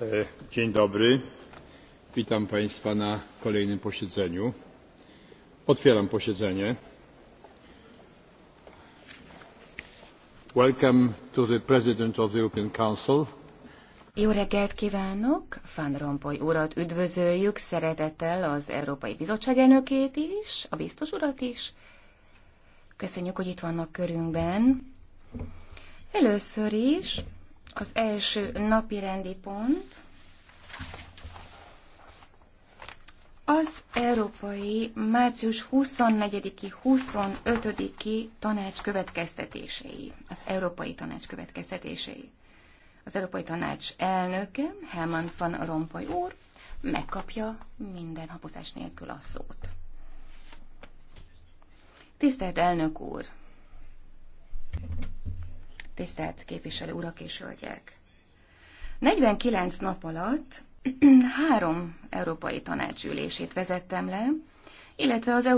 E, dzień dobry. Witam Państwa na kolejnym posiedzeniu. Otwieram posiedzenie. Welcome to the President of the European Council. Jó reggelt kívánok! Van Rompuy urat üdvözöljük szeretettel az Európai Bizottság elnökét is, a biztos urat is. Köszönjük, hogy itt vannak körünkben. Először is az első napi rendi pont az európai március 24-i 25-i tanács következtetései, az európai tanács következtetései. Az európai tanács elnöke, Herman van Rompuy úr, megkapja minden habozás nélkül a szót. Tisztelt elnök úr! tisztelt képviselő urak és hölgyek! 49 nap alatt három európai tanácsülését vezettem le, illetve az Európai